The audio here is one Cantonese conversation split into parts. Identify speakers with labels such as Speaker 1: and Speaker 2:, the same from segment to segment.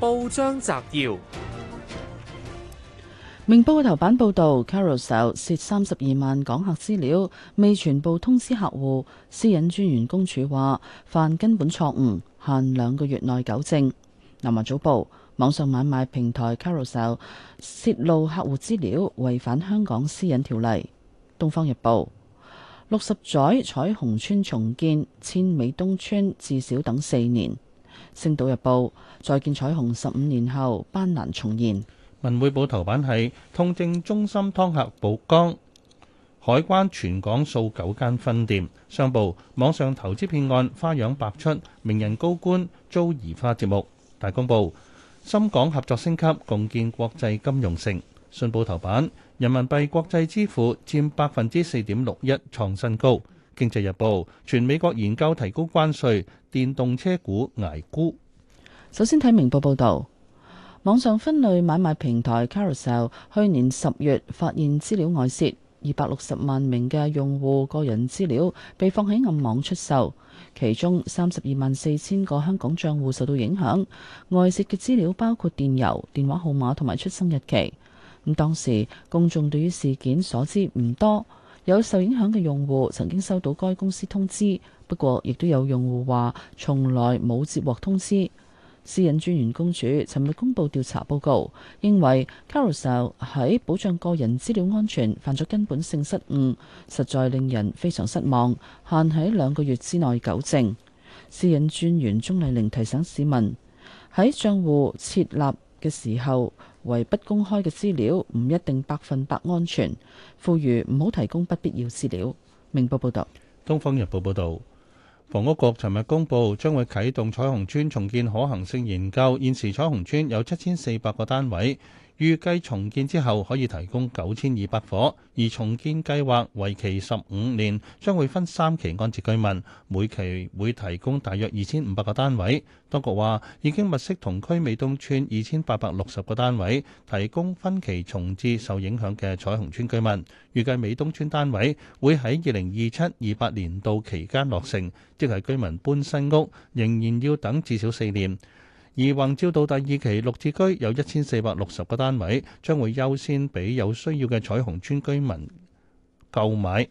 Speaker 1: 報章摘要：明報頭版報道，Carousel 涉三十二萬港客資料，未全部通知客戶，私隱專員公署話犯根本錯誤，限兩個月內糾正。南華早報：網上買賣平台 Carousel 洩露客戶資料，違反香港私隱條例。東方日報：六十載彩虹村重建，遷美東村至少等四年。《星島日報》再見彩虹十五年
Speaker 2: 後，斑難重現。《文匯報》頭版係痛症中心劏客曝光，海關全港數九間分店。商報網上投資騙案花樣百出，名人高官遭移花接木。《大公報》深港合作升級，共建國際金融城。《信報》頭版人民幣國際支付佔百分之四點六一，創新高。經濟日報：全美國研究提高關稅，電動車股挨沽。
Speaker 1: 首先睇明報報道，網上分類買賣平台 Carousell 去年十月發現資料外洩，二百六十萬名嘅用戶個人資料被放喺暗網出售，其中三十二萬四千個香港賬戶受到影響。外洩嘅資料包括電郵、電話號碼同埋出生日期。咁當時公眾對於事件所知唔多。有受影響嘅用戶曾經收到該公司通知，不過亦都有用戶話從來冇接獲通知。私隱專員公署尋日公佈調查報告，認為 Carousell 喺保障個人資料安全犯咗根本性失誤，實在令人非常失望。限喺兩個月之內糾正。私隱專員鍾麗玲提醒市民喺賬戶設立嘅時候。為不公開嘅資料唔一定百分百安全，呼
Speaker 2: 籲唔好提供不必要資料。明報報道，東方日報報道，房屋局尋日公布將會啟動彩虹邨重建可行性研究。現時彩虹邨有七千四百個單位。預計重建之後可以提供九千二百伙，而重建計劃為期十五年，將會分三期安置居民，每期會提供大約二千五百個單位。當局話已經物色同區美東村二千八百六十個單位，提供分期重置受影響嘅彩虹村居民。預計美東村單位會喺二零二七、二八年度期間落成，即係居民搬新屋，仍然要等至少四年。而宏照道第二期綠置居有一千四百六十個單位，將會優先俾有需要嘅彩虹邨居民購買。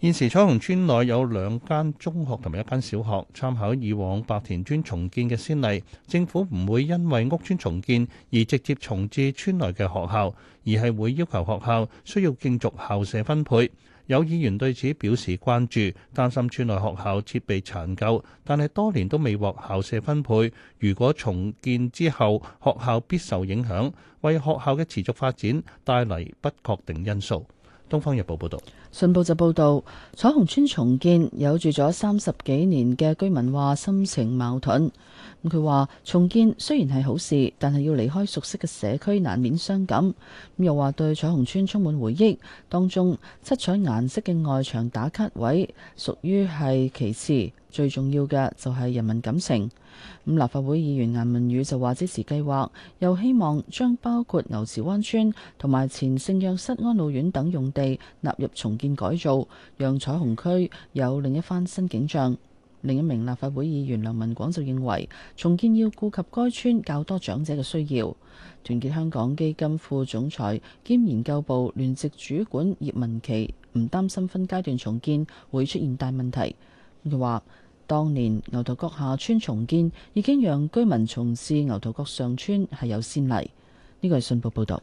Speaker 2: 現時彩虹邨內有兩間中學同埋一間小學，參考以往白田邨重建嘅先例，政府唔會因為屋邨重建而直接重置村內嘅學校，而係會要求學校需要競逐校舍分配。有議員對此表示關注，擔心村內學校設備殘舊，但係多年都未獲校舍分配。如果重建之後，學校必受影響，為學校嘅持續發展帶嚟不確定因素。《東方日報》報道，
Speaker 1: 信報就報道彩虹村重建，有住咗三十幾年嘅居民話心情矛盾。咁佢話重建雖然係好事，但係要離開熟悉嘅社區，難免傷感。咁又話對彩虹村充滿回憶，當中七彩顏色嘅外牆打卡位屬於係其次。最重要嘅就係人民感情。咁立法會議員顏汶羽就話支持計劃，又希望將包括牛池灣村同埋前聖約瑟安老院等用地納入重建改造，讓彩虹區有另一番新景象。另一名立法會議員梁文廣就認為，重建要顧及該村較多長者嘅需要。團結香港基金副總裁兼研究部聯席主管葉文琪唔擔心分階段重建會出現大問題，佢話。當年牛頭角下村重建已經讓居民從事牛頭角上村係有先例。呢個係信報報道。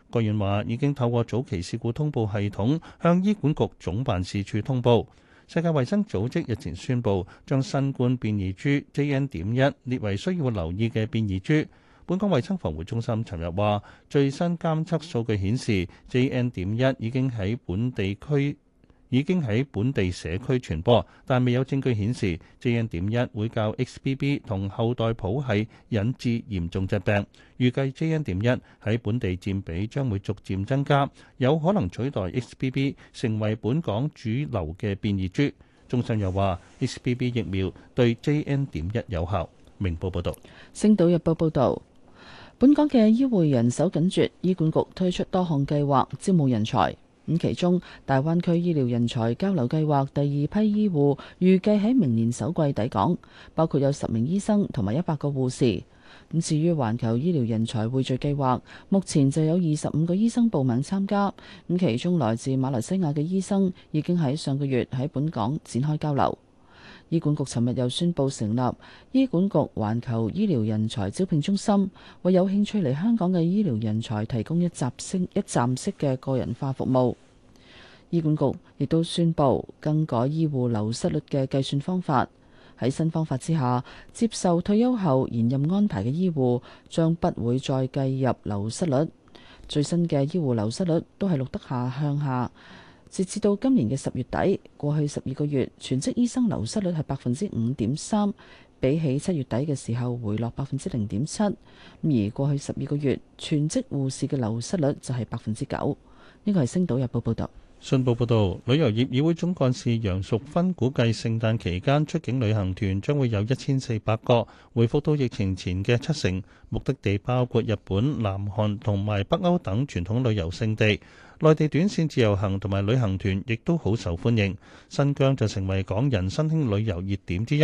Speaker 2: 該院話已經透過早期事故通報系統向醫管局總辦事處通報。世界衛生組織日前宣布，將新冠變異株 JN. 點一列為需要留意嘅變異株。本港衛生防護中心尋日話，最新監測數據顯示 JN. 點一已經喺本地區。已經喺本地社區傳播，但未有證據顯示 JN 點一會較 XBB 同後代譜係引致嚴重疾病。預計 JN 點一喺本地佔比將會逐漸增加，有可能取代 XBB 成為本港主流嘅變異株。中心又話 XBB 疫苗對 JN 點一有效。明報報道：《
Speaker 1: 星島日報》報道，本港嘅醫護人手緊絀，醫管局推出多項計劃招募人才。咁其中，大灣區醫療人才交流計劃第二批醫護預計喺明年首季抵港，包括有十名醫生同埋一百個護士。咁至於環球醫療人才匯聚計劃，目前就有二十五個醫生報名參加。咁其中來自馬來西亞嘅醫生已經喺上個月喺本港展開交流。醫管局尋日又宣布成立醫管局環球醫療人才招聘中心，為有興趣嚟香港嘅醫療人才提供一站式、一站式嘅個人化服務。醫管局亦都宣布更改醫護流失率嘅計算方法。喺新方法之下，接受退休後延任安排嘅醫護將不會再計入流失率。最新嘅醫護流失率都係錄得下向下。截至到今年嘅十月底，過去十二個月全職醫生流失率係百分之五點三，比起七月底嘅時候回落百分之零點七。而過去十二個月全職護士嘅流失率就係百分之九。呢個係《星島日報》報道。
Speaker 2: 《信報》報道，旅遊業議會總幹事楊淑芬估，估計，聖誕期間出境旅行團將會有一千四百個，回復到疫情前嘅七成。目的地包括日本、南韓同埋北歐等傳統旅遊勝地。內地短線自由行同埋旅行團亦都好受歡迎，新疆就成為港人新興旅遊熱點之一。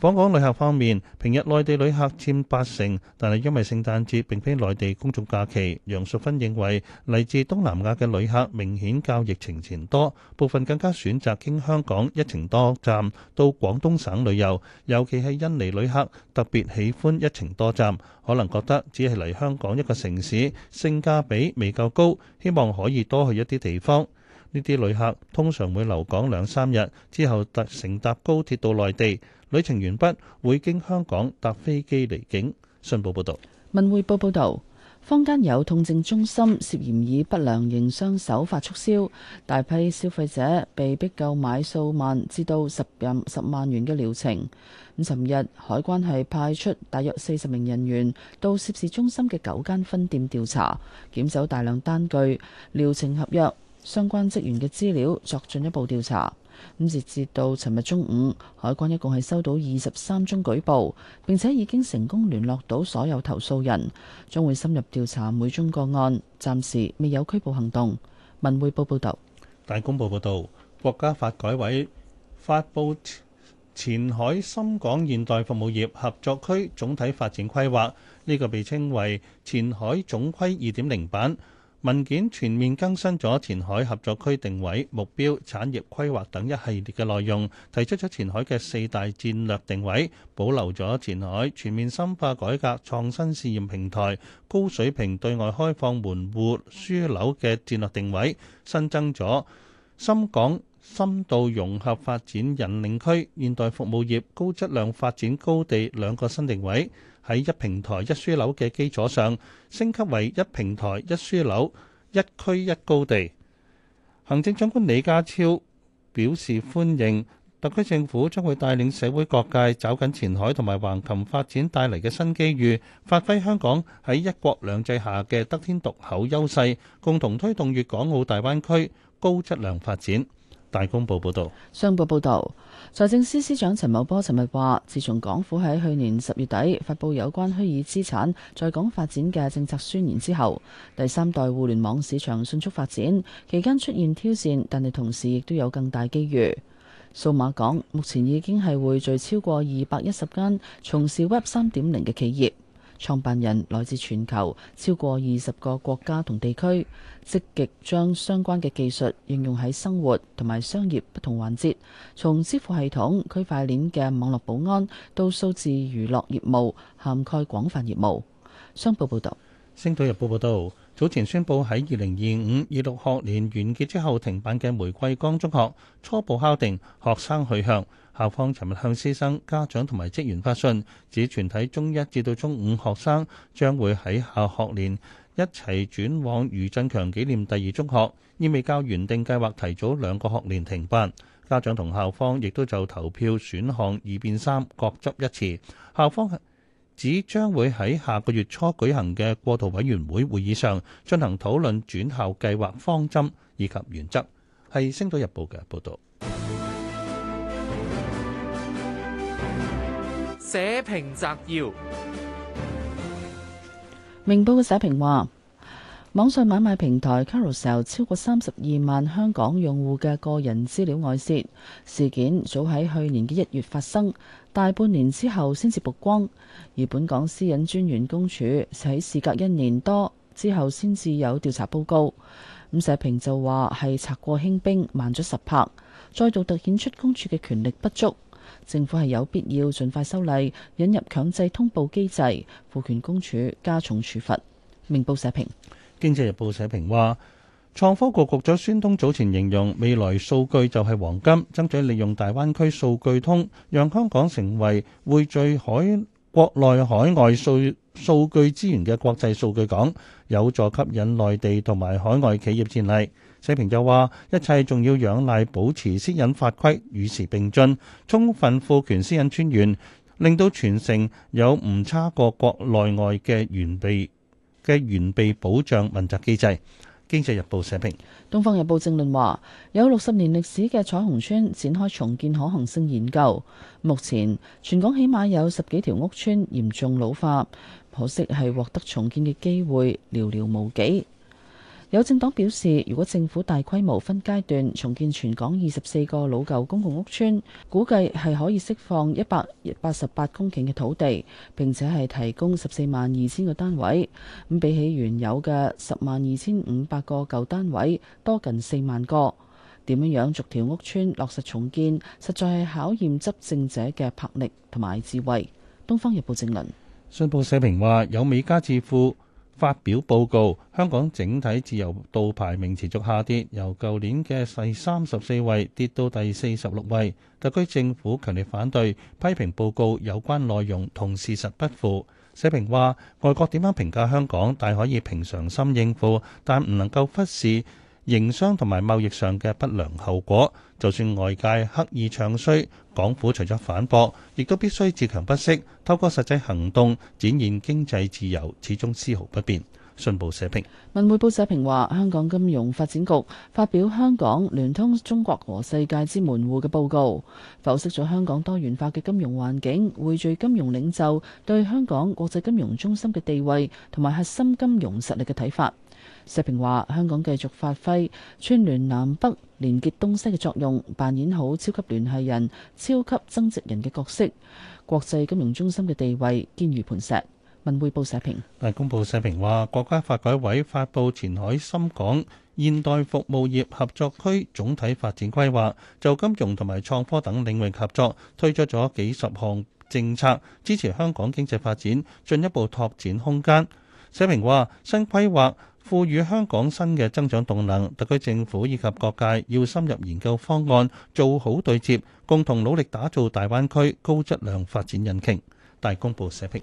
Speaker 2: 訪港旅客方面，平日內地旅客佔八成，但係因為聖誕節並非內地公眾假期。楊淑芬認為，嚟自東南亞嘅旅客明顯較疫情前多，部分更加選擇經香港一程多站到廣東省旅遊。尤其係印尼旅客特別喜歡一程多站，可能覺得只係嚟香港一個城市，性價比未夠高，希望可以多去一啲地方。呢啲旅客通常會留港兩三日，之後乘搭高鐵到內地。旅程完畢，會經香港搭飛機離境。信報報道，
Speaker 1: 文匯報報道，坊間有痛症中心涉嫌以不良營商手法促銷，大批消費者被逼購買數萬至到十任十萬元嘅療程。咁，尋日海關係派出大約四十名人員到涉事中心嘅九間分店調查，檢走大量單據、療程合約、相關職員嘅資料，作進一步調查。咁截至到尋日中午，海關一共係收到二十三宗舉報，並且已經成功聯絡到所有投訴人，將會深入調查每宗個案，暫時未有拘捕行動。文匯報報道，
Speaker 2: 大公報報道，國家發改委發佈前海深港現代服務業合作區總體發展規劃，呢個被稱為前海總規二點零版。文件全面更新咗前海合作區定位、目標、產業規劃等一系列嘅內容，提出咗前海嘅四大戰略定位，保留咗前海全面深化改革創新試驗平台、高水平對外開放門戶樞紐嘅戰略定位，新增咗深港。深度融合發展引領區、現代服務業高質量發展高地兩個新定位，喺一平台一樞紐嘅基礎上，升級為一平台一樞紐一區一高地。行政長官李家超表示歡迎，特區政府將會帶領社會各界抓緊前海同埋橫琴發展帶嚟嘅新機遇，發揮香港喺一國兩制下嘅得天獨厚優勢，共同推動粵港澳大灣區高質量發展。大公報報導，
Speaker 1: 商報報導，財政司司長陳茂波尋日話，自從港府喺去年十月底發佈有關虛擬資產在港發展嘅政策宣言之後，第三代互聯網市場迅速發展，期間出現挑戰，但係同時亦都有更大機遇。數碼港目前已經係匯聚超過二百一十間從事 Web 三點零嘅企業。創辦人來自全球超過二十個國家同地區，積極將相關嘅技術應用喺生活同埋商業不同環節，從支付系統、區塊鏈嘅網絡保安到數字娛樂業務，涵蓋
Speaker 2: 廣泛業務。商報報導，《星島日報》報道，早前宣布喺二零二五二六學年完結之後停辦嘅玫瑰崗中學，初步敲定學生去向。校方尋日向師生、家長同埋職員發信，指全體中一至到中五學生將會喺下學年一齊轉往余振強紀念第二中學，意味較原定計劃提早兩個學年停辦。家長同校方亦都就投票選項二變三各執一詞。校方指將會喺下個月初舉行嘅過渡委員會會議上進行討論，轉校計劃方針以及原則。係《星島日報》嘅報導。
Speaker 1: 社評摘要：明報嘅社評話，網上買賣平台 Carousell 超過三十二萬香港用戶嘅個人資料外泄事件，早喺去年嘅一月發生，大半年之後先至曝光，而本港私隱專員公署喺事隔一年多之後先至有調查報告。咁社評就話係拆過輕兵，慢咗十拍，再度凸顯出公署嘅權力不足。政府係有必要盡快修例，引入強制通報機制，賦權公署加重處罰。明報社評。
Speaker 2: 《經濟日報》社評話，創科局局長孫東早前形容，未來數據就係黃金，爭取利用大灣區數據通，讓香港成為匯聚海國內海外數數據資源嘅國際數據港，有助吸引內地同埋海外企業前嚟。社評又話：一切仲要仰賴保持私隱法規與時並進，充分賦權私隱村員，令到全城有唔差過國內外嘅完備嘅完備保障問責機制。經濟日報社評，
Speaker 1: 東方日報正論話：有六十年歷史嘅彩虹村展開重建可行性研究，目前全港起碼有十幾條屋村嚴重老化，可惜係獲得重建嘅機會寥寥無幾。有政黨表示，如果政府大規模分階段重建全港二十四個老舊公共屋邨，估計係可以釋放一百八十八公頃嘅土地，並且係提供十四萬二千個單位。咁比起原有嘅十萬二千五百個舊單位，多近四萬個。點樣逐條屋邨落實重建，實在係考驗執政者嘅魄力同埋智慧。《東方日報》正論
Speaker 2: 信報社評話：有美加智庫。發表報告，香港整體自由度排名持續下跌，由舊年嘅第三十四位跌到第四十六位。特區政府強烈反對，批評報告有關內容同事實不符。社評話：外國點樣評價香港，大可以平常心應付，但唔能夠忽視營商同埋貿易上嘅不良後果，就算外界刻意唱衰，港府除咗反駁，亦都必須自強不息，透過實際行動展現經濟自由，始終絲毫不變。信報社評，
Speaker 1: 文匯報社評話，香港金融發展局發表《香港聯通中國和世界之門戶》嘅報告，剖析咗香港多元化嘅金融環境，匯聚金融領袖對香港國際金融中心嘅地位同埋核心金融實力嘅睇法。社評話：香港繼續發揮串聯南北、連結東西嘅作用，扮演好超級聯繫人、超級增值人嘅角色。國際金融中心嘅地位堅如磐石。文匯報社評，
Speaker 2: 大公報社評話：國家發改委發布前海深港現代服務業合作區總體發展規劃，就金融同埋創科等領域合作推出咗幾十項政策，支持香港經濟發展進一步拓展空間。社評話：新規劃。賦予香港新嘅增長動能，特區政府以及各界要深入研究方案，做好對接，共同努力打造大灣區高質量發展引擎。大公報社評。